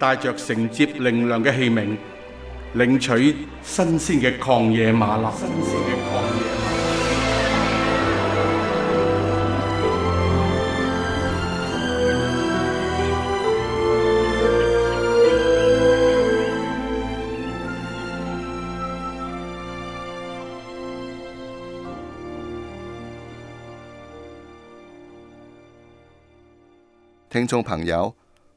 帶着承接靈糧嘅器皿，領取新鮮嘅曠野嗎哪。聽眾朋友。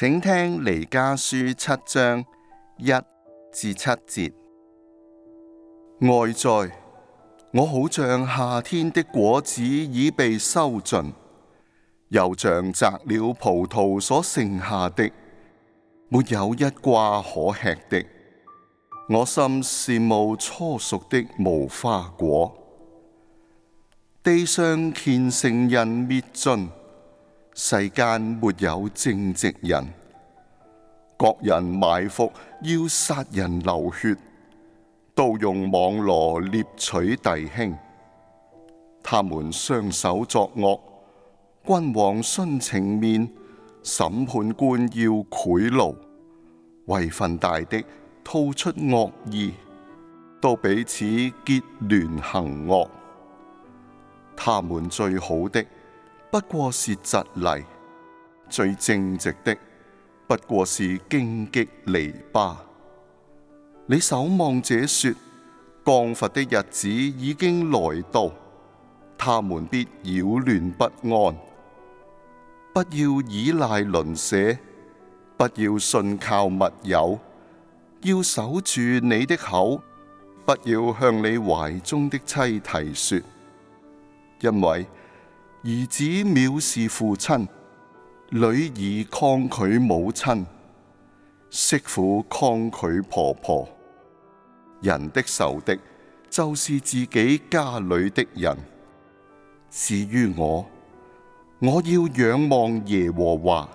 請聽彌迦書七章一至七節。外在，我好像夏天的果子已被收盡，又像摘了葡萄所剩下的，沒有一掛可吃的。我心羨慕初熟的無花果，地上虔誠人滅盡。世間沒有正直人，各人埋伏要殺人流血，都用網羅獵取弟兄，他們雙手作惡，君王徇情面，審判官要賄賂，位份大的吐出惡意，都彼此結聯行惡，他們最好的。不過是蒺藜，最正直的不過是荊棘籬笆。你守望者說，降罰的日子已經來到，他們必擾亂不安。不要倚賴鄰舍，不要信靠密友，要守住你的口，不要向你懷中的妻提說，因為。兒子藐視父親，女兒抗拒母親，媳婦抗拒婆婆。人的仇敵就是自己家裏的人。至於我，我要仰望耶和華，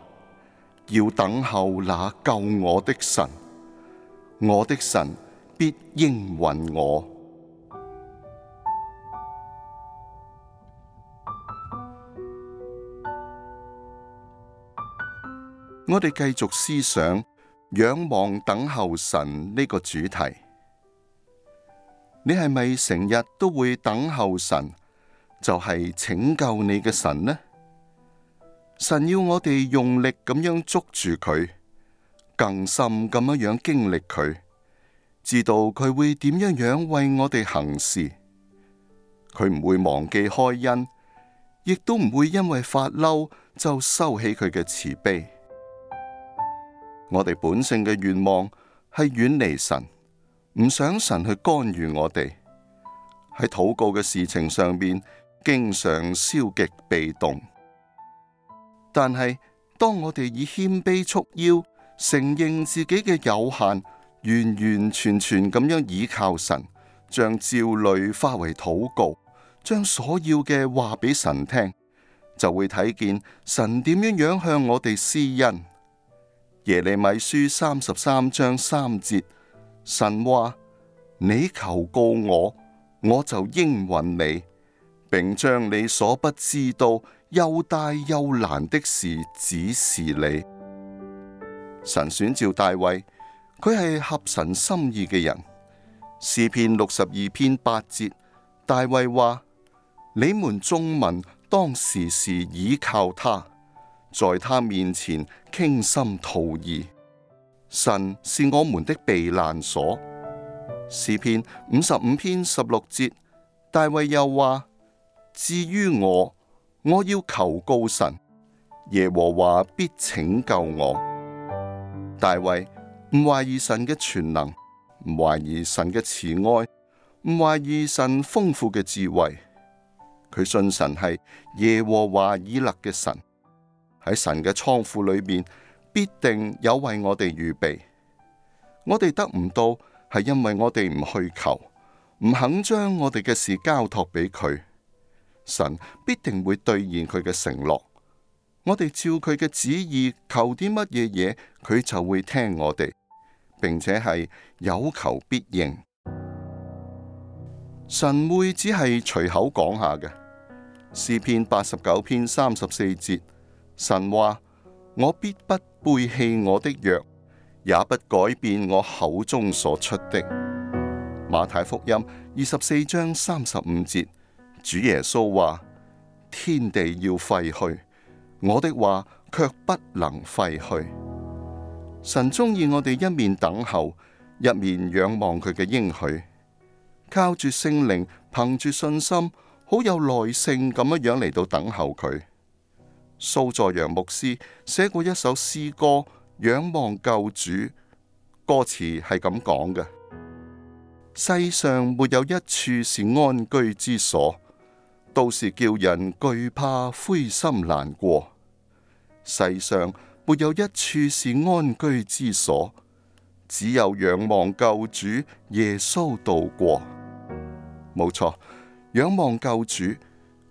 要等候那救我的神。我的神必應允我。我哋繼續思想仰望等候神呢個主題。你係咪成日都會等候神？就係拯救你嘅神呢？神要我哋用力咁樣捉住佢，更甚咁樣樣經歷佢，知道佢會點樣樣為我哋行事。佢唔會忘記開恩，亦都唔會因為發嬲就收起佢嘅慈悲。我哋本性嘅願望係遠離神，唔想神去干預我哋，喺禱告嘅事情上邊經常消極被動。但係當我哋以謙卑束腰，承認自己嘅有限，完完全全咁樣倚靠神，將焦慮化為禱告，將所要嘅話俾神聽，就會睇見神點樣樣向我哋施恩。耶利米書三十三章三節，神話：你求告我，我就應允你，並將你所不知道又大又難的事指示你。神選召大衛，佢係合神心意嘅人。詩篇六十二篇八節，大衛話：你們眾民當時是倚靠他。在他面前傾心吐意，神是我們的避難所。詩篇五十五篇十六節，大衛又話：至於我，我要求告神，耶和華必拯救我。大衛唔懷疑神嘅全能，唔懷疑神嘅慈愛，唔懷疑神豐富嘅智慧，佢信神係耶和華以勒嘅神。喺神嘅倉庫裏面，必定有為我哋預備。我哋得唔到，係因為我哋唔去求，唔肯將我哋嘅事交託俾佢。神必定會兌現佢嘅承諾。我哋照佢嘅旨意求啲乜嘢嘢，佢就會聽我哋，並且係有求必應。神會只係隨口講下嘅，詩篇八十九篇三十四節。神話：我必不背棄我的約，也不改變我口中所出的。馬太福音二十四章三十五節，主耶穌話：天地要廢去，我的話卻不能廢去。神鍾意我哋一面等候，一面仰望佢嘅應許，靠住聖靈，憑住信心，好有耐性咁樣樣嚟到等候佢。蘇佐揚牧師寫過一首詩歌《仰望救主》，歌詞係咁講嘅：世上沒有一處是安居之所，到時叫人懼怕灰心難過。世上沒有一處是安居之所，只有仰望救主耶穌度過。冇錯，仰望救主，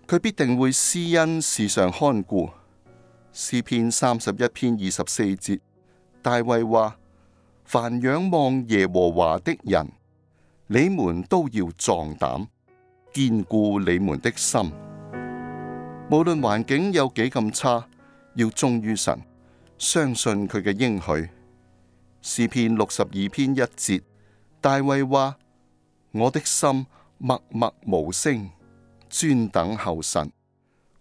佢必定會施恩事上看顧。詩篇三十一篇二十四節，大衛話：凡仰望耶和華的人，你們都要壯膽，堅固你們的心。無論環境有幾咁差，要忠於神，相信佢嘅應許。詩篇六十二篇一節，大衛話：我的心默默無聲，專等候神。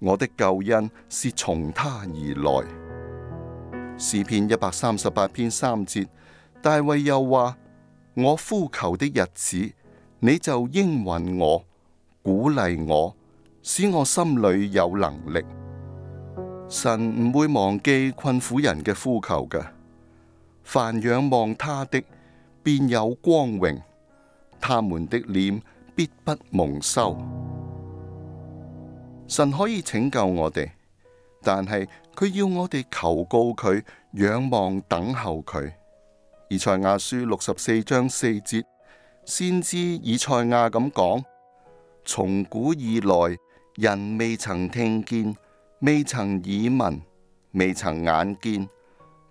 我的救恩，是從他而來，詩篇一百三十八篇三節。大衛又話：我呼求的日子，你就應允我，鼓勵我，使我心裏有能力。神唔會忘記困苦人嘅呼求嘅。凡仰望他的，便有光榮，他們的臉必不蒙羞。神可以拯救我哋，但係佢要我哋求告佢，仰望等候佢。以賽亞書六十四章四節，先知以賽亞咁講：從古以來，人未曾聽見，未曾耳聞，未曾眼見，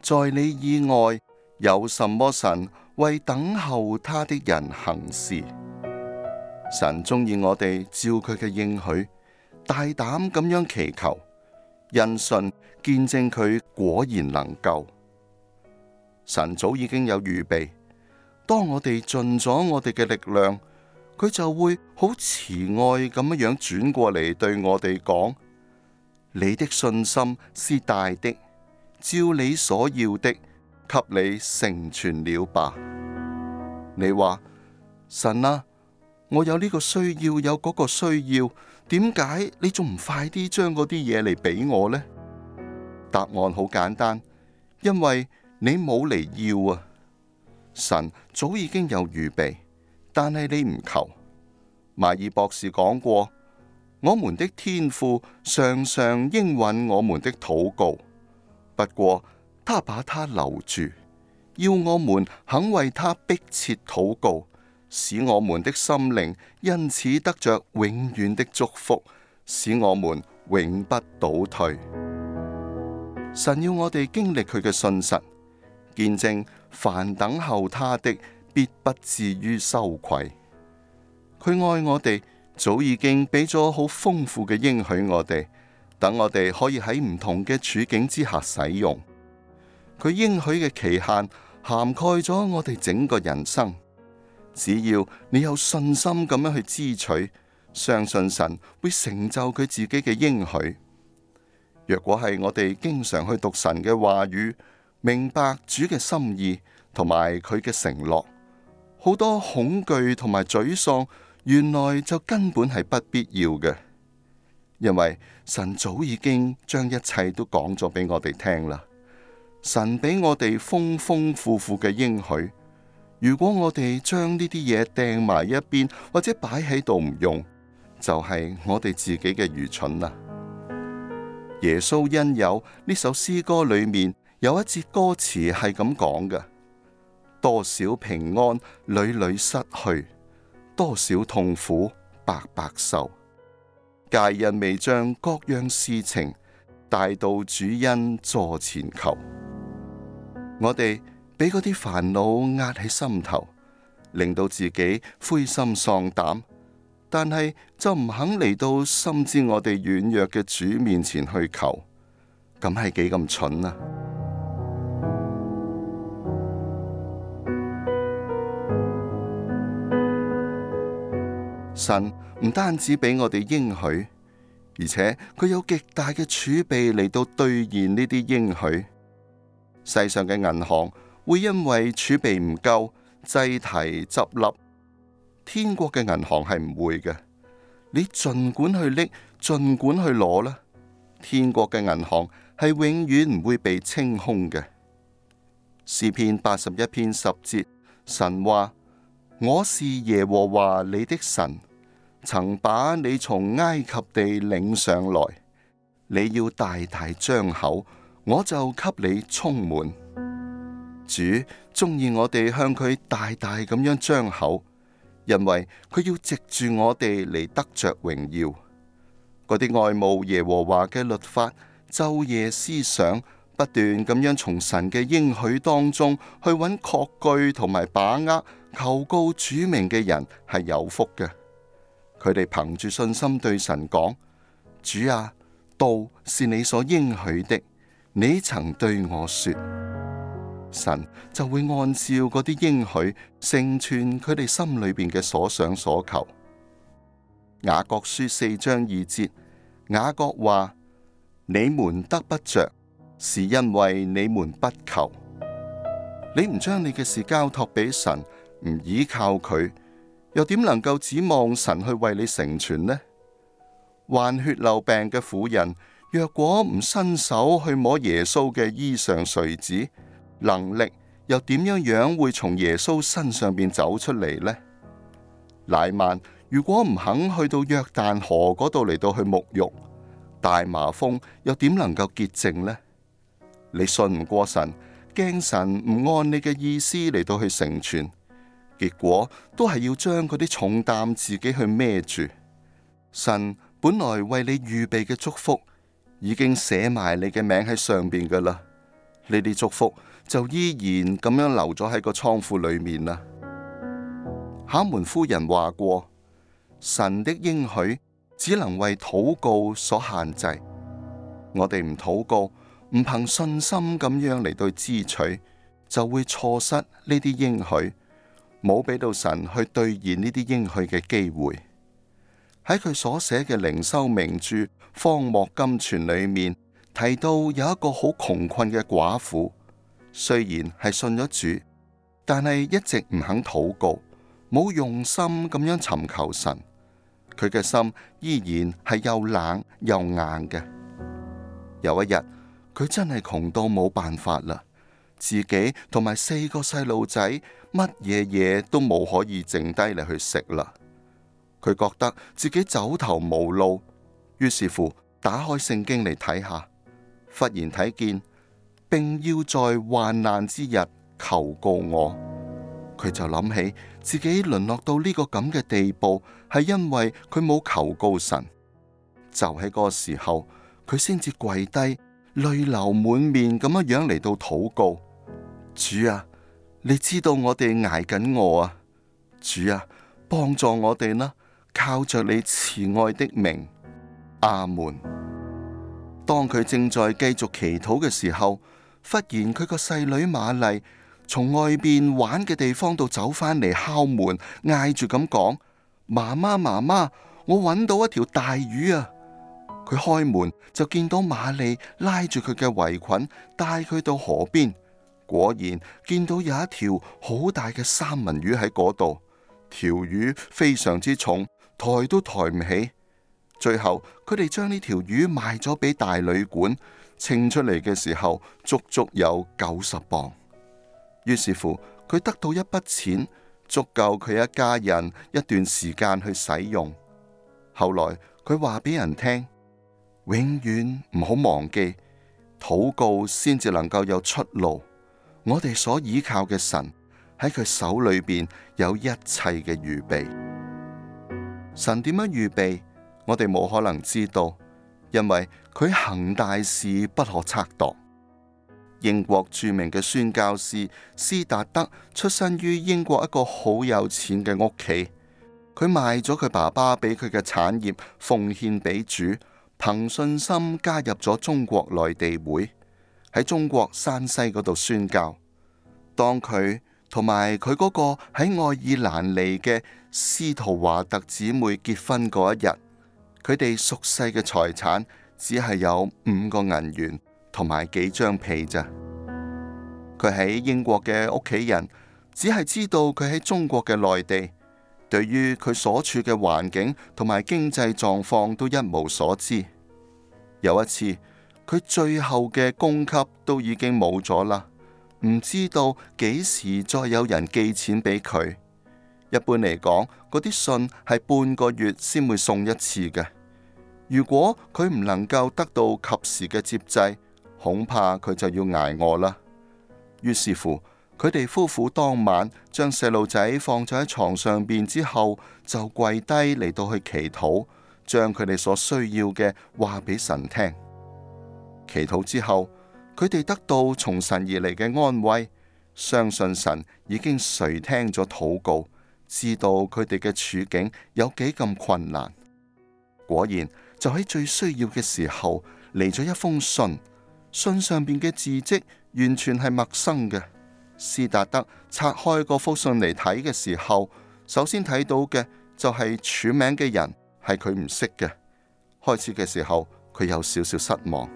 在你以外有什麼神為等候他的人行事？神鍾意我哋，照佢嘅應許。大膽咁樣祈求，人信見證佢果然能夠，神早已經有預備。當我哋盡咗我哋嘅力量，佢就會好慈愛咁樣轉過嚟對我哋講：「你的信心是大的，照你所要的，給你成全了吧。你話，神啊，我有呢個需要，有嗰個需要。點解你仲唔快啲將嗰啲嘢嚟俾我呢？答案好簡單，因為你冇嚟要啊！神早已經有預備，但係你唔求。邁爾博士講過，我們的天父常常應允我們的禱告，不過他把他留住，要我們肯為他迫切禱告。使我們的心靈因此得着永遠的祝福，使我們永不倒退。神要我哋經歷佢嘅信實，見證凡等候他的，必不至於羞愧。佢愛我哋，早已經俾咗好豐富嘅應許我哋，等我哋可以喺唔同嘅處境之下使用。佢應許嘅期限涵蓋咗我哋整個人生。只要你有信心咁樣去支取，相信神會成就佢自己嘅應許。若果係我哋經常去讀神嘅話語，明白主嘅心意同埋佢嘅承諾，好多恐懼同埋沮喪，原來就根本係不必要嘅，因為神早已經將一切都講咗俾我哋聽啦。神俾我哋豐豐富富嘅應許。如果我哋將呢啲嘢掟埋一邊，或者擺喺度唔用，就係、是、我哋自己嘅愚蠢啦。耶穌恩友呢首詩歌裏面有一節歌詞係咁講嘅：多少平安屢屢失去，多少痛苦白白受，皆因未將各樣事情帶到主恩座前求。我哋。俾嗰啲煩惱壓喺心頭，令到自己灰心喪膽，但係就唔肯嚟到深知我哋軟弱嘅主面前去求，咁係幾咁蠢啊！神唔單止俾我哋應許，而且佢有極大嘅儲備嚟到兌現呢啲應許，世上嘅銀行。會因為儲備唔夠，擠提執笠，天國嘅銀行係唔會嘅。你盡管去拎，盡管去攞啦，天國嘅銀行係永遠唔會被清空嘅。詩篇八十一篇十節，神話我是耶和華你的神，曾把你從埃及地領上來，你要大大張口，我就給你充滿。主中意我哋向佢大大咁樣張口，因為佢要藉住我哋嚟得着榮耀。嗰啲愛慕耶和華嘅律法，晝夜思想，不斷咁樣從神嘅應許當中去揾確據同埋把握，求告主名嘅人係有福嘅。佢哋憑住信心對神講：主啊，道是你所應許的，你曾對我說。神就會按照嗰啲應許成全佢哋心裏邊嘅所想所求。雅各書四章二節，雅各話：你們得不着，是因為你們不求。你唔將你嘅事交託俾神，唔依靠佢，又點能夠指望神去為你成全呢？患血漏病嘅婦人，若果唔伸手去摸耶穌嘅衣裳繸子。能力又點樣樣會從耶穌身上邊走出嚟呢？乃曼如果唔肯去到約旦河嗰度嚟到去沐浴，大麻風又點能夠潔淨呢？你信唔過神，驚神唔按你嘅意思嚟到去成全，結果都係要將嗰啲重擔自己去孭住。神本來為你預備嘅祝福已經寫埋你嘅名喺上邊㗎喇，呢啲祝福。就依然咁樣留咗喺個倉庫裏面啦。考門夫人話過：神的應許只能為禱告所限制。我哋唔禱告，唔憑信心咁樣嚟對支取，就會錯失呢啲應許，冇俾到神去兌現呢啲應許嘅機會。喺佢所寫嘅靈修名著《荒漠甘泉》裏面提到，有一個好窮困嘅寡婦。雖然係信咗主，但係一直唔肯禱告，冇用心咁樣尋求神，佢嘅心依然係又冷又硬嘅。有一日，佢真係窮到冇辦法啦，自己同埋四個細路仔乜嘢嘢都冇可以剩低嚟去食啦。佢覺得自己走投無路，於是乎打開聖經嚟睇下，忽然睇見。並要在患難之日求告我，佢就諗起自己淪落到呢個咁嘅地步，係因為佢冇求告神。就喺嗰個時候，佢先至跪低，淚流滿面咁樣樣嚟到禱告：主啊，你知道我哋挨緊餓啊！主啊，幫助我哋啦！靠着你慈愛的名，阿門。當佢正在繼續祈禱嘅時候，忽然佢個細女瑪麗從外邊玩嘅地方度走返嚟敲門，嗌住咁講：媽媽媽媽，我揾到一條大魚啊！佢開門就見到瑪麗拉住佢嘅圍裙，帶佢到河邊，果然見到有一條好大嘅三文魚喺嗰度。條魚非常之重，抬都抬唔起。最後佢哋將呢條魚賣咗俾大旅館。稱出嚟嘅時候足足有九十磅，於是乎佢得到一筆錢，足夠佢一家人一段時間去使用。後來佢話俾人聽，永遠唔好忘記禱告，先至能夠有出路。我哋所依靠嘅神喺佢手裏邊有一切嘅預備。神點樣預備，我哋冇可能知道，因為。佢行大事不可測度。英國著名嘅宣教師斯達德出身於英國一個好有錢嘅屋企，佢賣咗佢爸爸俾佢嘅產業奉獻俾主，憑信心加入咗中國內地會，喺中國山西嗰度宣教。當佢同埋佢嗰個喺愛爾蘭尼嘅司徒華特姊妹結婚嗰一日，佢哋俗世嘅財產。只係有五個銀元同埋幾張被咋。佢喺英國嘅屋企人，只係知道佢喺中國嘅內地，對於佢所處嘅環境同埋經濟狀況都一無所知。有一次，佢最後嘅供給都已經冇咗啦，唔知道幾時再有人寄錢俾佢。一般嚟講，嗰啲信係半個月先會送一次嘅。如果佢唔能夠得到及時嘅接濟，恐怕佢就要挨餓啦。於是乎，佢哋夫婦當晚將細路仔放咗喺床上邊之後，就跪低嚟到去祈禱，將佢哋所需要嘅話俾神聽。祈禱之後，佢哋得到從神而嚟嘅安慰，相信神已經垂聽咗禱告，知道佢哋嘅處境有幾咁困難。果然。就喺最需要嘅時候，嚟咗一封信，信上面嘅字跡完全係陌生嘅。斯達德拆開嗰封信嚟睇嘅時候，首先睇到嘅就係署名嘅人係佢唔識嘅。開始嘅時候，佢有少少失望，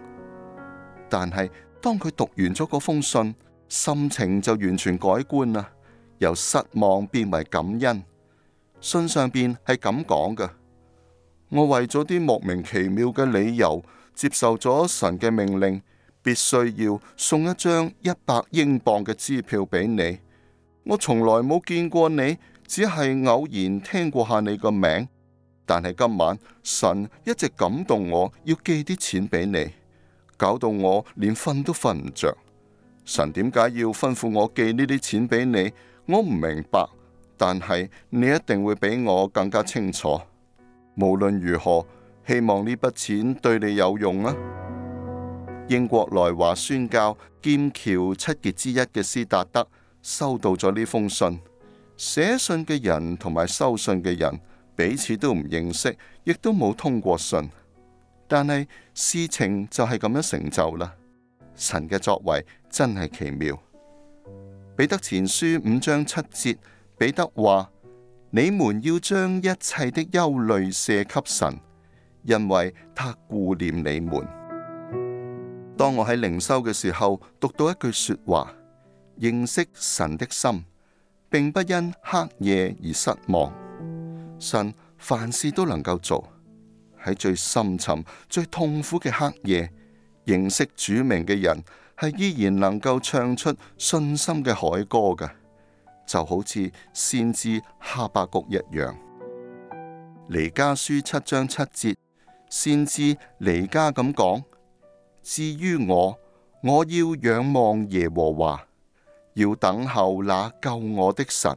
但係當佢讀完咗嗰封信，心情就完全改觀啦，由失望變為感恩。信上面係咁講嘅。我為咗啲莫名其妙嘅理由，接受咗神嘅命令，必須要送一張一百英鎊嘅支票俾你。我從來冇見過你，只係偶然聽過下你個名。但係今晚神一直感動我，要寄啲錢俾你，搞到我連瞓都瞓唔着。神點解要吩咐我寄呢啲錢俾你？我唔明白，但係你一定會比我更加清楚。無論如何，希望呢筆錢對你有用啦啊。英國來華宣教劍橋七傑之一嘅斯達德收到咗呢封信，寫信嘅人同埋收信嘅人彼此都唔認識，亦都冇通過信，但係事情就係咁樣成就啦。神嘅作為真係奇妙。彼得前書五章七節，彼得話。你們要將一切的憂慮卸給神，因為祂顧念你們。當我喺靈修嘅時候，讀到一句說話：認識神的心，並不因黑夜而失望。神凡事都能夠做，喺最深沉、最痛苦嘅黑夜，認識主名嘅人係依然能夠唱出信心嘅海歌嘅。就好似先知哈巴谷一樣，彌迦書七章七節，先知彌迦咁講：至於我，我要仰望耶和華，要等候那救我的神，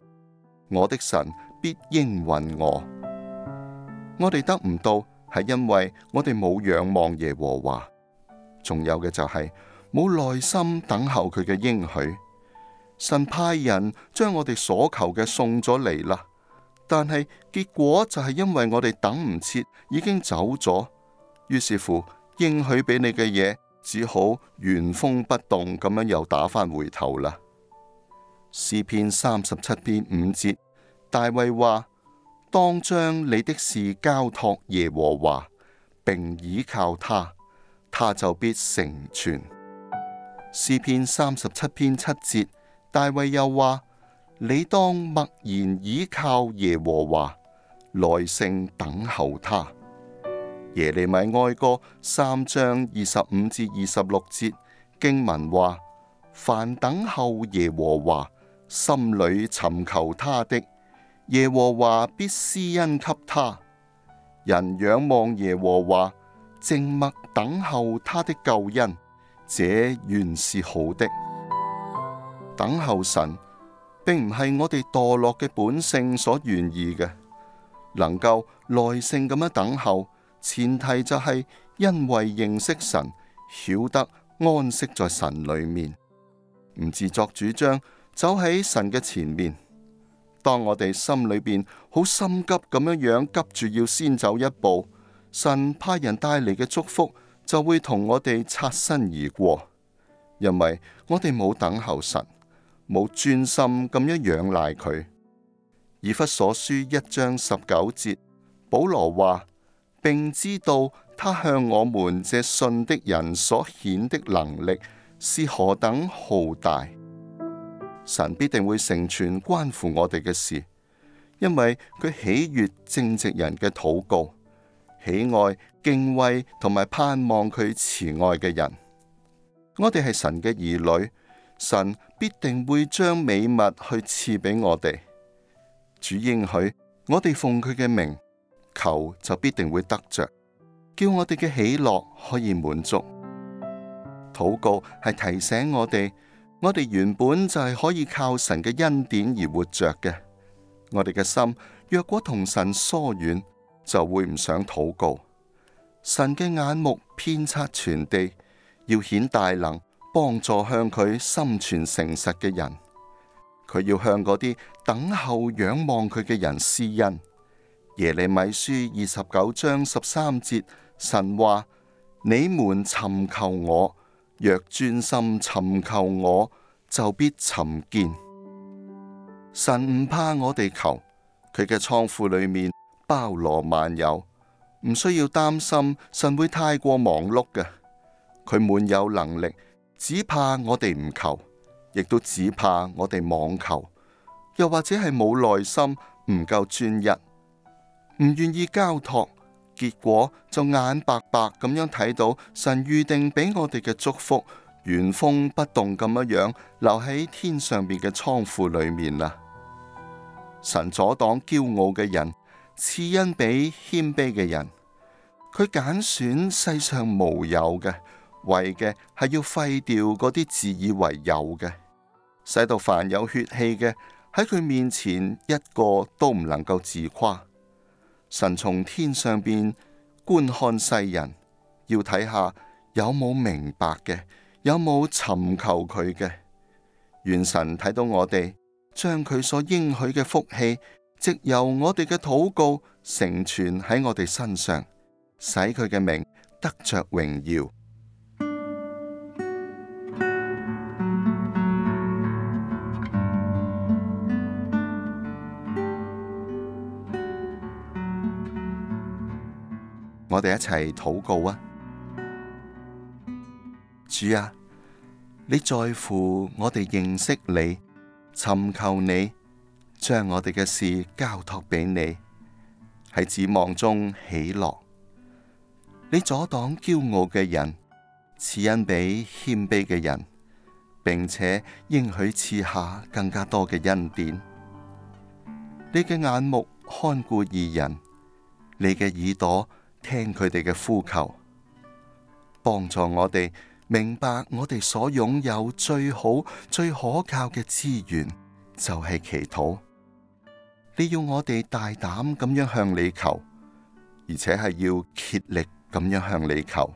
我的神必應允我。我哋得唔到，係因為我哋冇仰望耶和華，仲有嘅就係、是、冇耐心等候佢嘅應許。神派人將我哋所求嘅送咗嚟啦，但係結果就係因為我哋等唔切，已經走咗，於是乎應許俾你嘅嘢，只好原封不動咁樣又打返回頭啦。詩篇三十七篇五節，大衛話：當將你的事交託耶和華，並倚靠他，他就必成全。詩篇三十七篇七節。大衛又話：你當默然倚靠耶和華，耐性等候他。耶利米哀歌三章二十五至二十六節經文話：凡等候耶和華，心裏尋求他的，耶和華必施恩給他。人仰望耶和華，靜默等候他的救恩，這原是好的。等候神，並唔係我哋墮落嘅本性所願意嘅。能夠耐性咁樣等候，前提就係因為認識神，曉得安息在神裏面，唔自作主張走喺神嘅前面。當我哋心裏面好心急咁樣樣，急住要先走一步，神派人帶嚟嘅祝福就會同我哋擦身而過，因為我哋冇等候神。冇專心咁樣仰賴佢，以弗所書一章十九節，保羅話，並知道他向我們這信的人所顯的能力是何等浩大。神必定會成全關乎我哋嘅事，因為佢喜悦正直人嘅禱告，喜愛敬畏同埋盼望佢慈愛嘅人。我哋係神嘅兒女，神必定會將美物去賜俾我哋。主應許我哋奉佢嘅名求，就必定會得着，叫我哋嘅喜樂可以滿足。禱告係提醒我哋，我哋原本就係可以靠神嘅恩典而活着嘅。我哋嘅心若果同神疏遠，就會唔想禱告。神嘅眼目遍察全地，要顯大能。幫助向佢心存誠實嘅人，佢要向嗰啲等候仰望佢嘅人施恩。耶利米書二十九章十三節，神話：你們尋求我，若專心尋求我，就必尋見。神唔怕我哋求，佢嘅倉庫裏面包羅萬有，唔需要擔心，神會太過忙碌嘅，佢滿有能力。只怕我哋唔求，亦都只怕我哋妄求，又或者係冇耐心，唔夠專一，唔願意交托，結果就眼白白咁樣睇到神預定俾我哋嘅祝福，原封不動咁樣樣留喺天上邊嘅倉庫裏面啦。神阻擋驕傲嘅人，賜恩俾謙卑嘅人，佢揀選世上無有嘅。為嘅係要廢掉嗰啲自以為有嘅，使到凡有血氣嘅喺佢面前一個都唔能夠自誇。神從天上邊觀看世人，要睇下有冇明白嘅，有冇尋求佢嘅。願神睇到我哋，將佢所應許嘅福氣，藉由我哋嘅禱告成全喺我哋身上，使佢嘅名得着榮耀。我哋一齊禱告啊！主啊，你在乎我哋認識你、尋求你，將我哋嘅事交託俾你，喺指望中喜樂。你阻擋驕傲嘅人，賜恩俾謙卑嘅人，並且應許賜下更加多嘅恩典。你嘅眼目看顧義人，你嘅耳朵，聽佢哋嘅呼求，幫助我哋明白我哋所擁有最好、最可靠嘅資源就係祈禱。你要我哋大膽咁樣向你求，而且係要竭力咁樣向你求，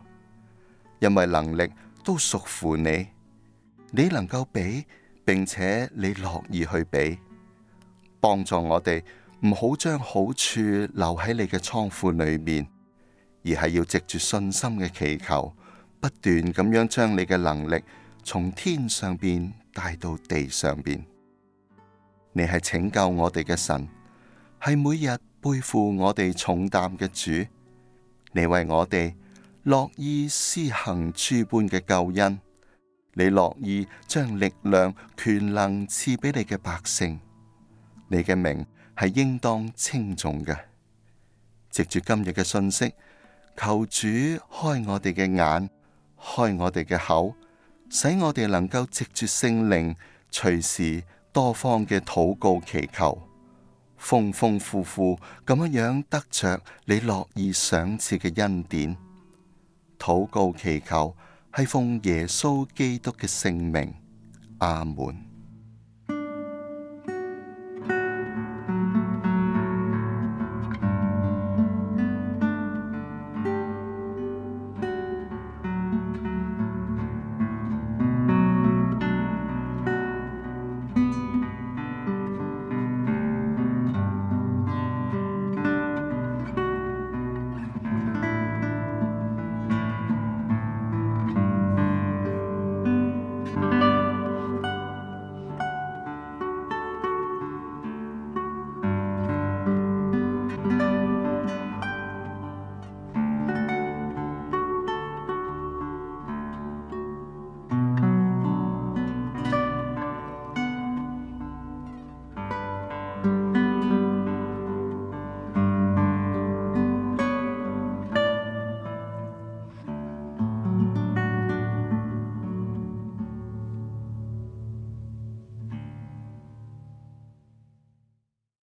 因為能力都屬乎你，你能夠俾，並且你樂意去俾，幫助我哋唔好將好處留喺你嘅倉庫裏面。而係要藉住信心嘅祈求，不斷咁樣將你嘅能力，從天上邊帶到地上邊。你係拯救我哋嘅神，係每日背負我哋重擔嘅主。你為我哋樂意施行諸般嘅救恩，你樂意將力量、權能賜俾你嘅百姓。你嘅名係應當稱頌嘅，藉住今日嘅信息。求主開我哋嘅眼，開我哋嘅口，使我哋能夠藉住聖靈，隨時多方嘅禱告祈求，豐豐富富咁樣樣得着你樂意賞賜嘅恩典。禱告祈求係奉耶穌基督嘅聖名，阿門。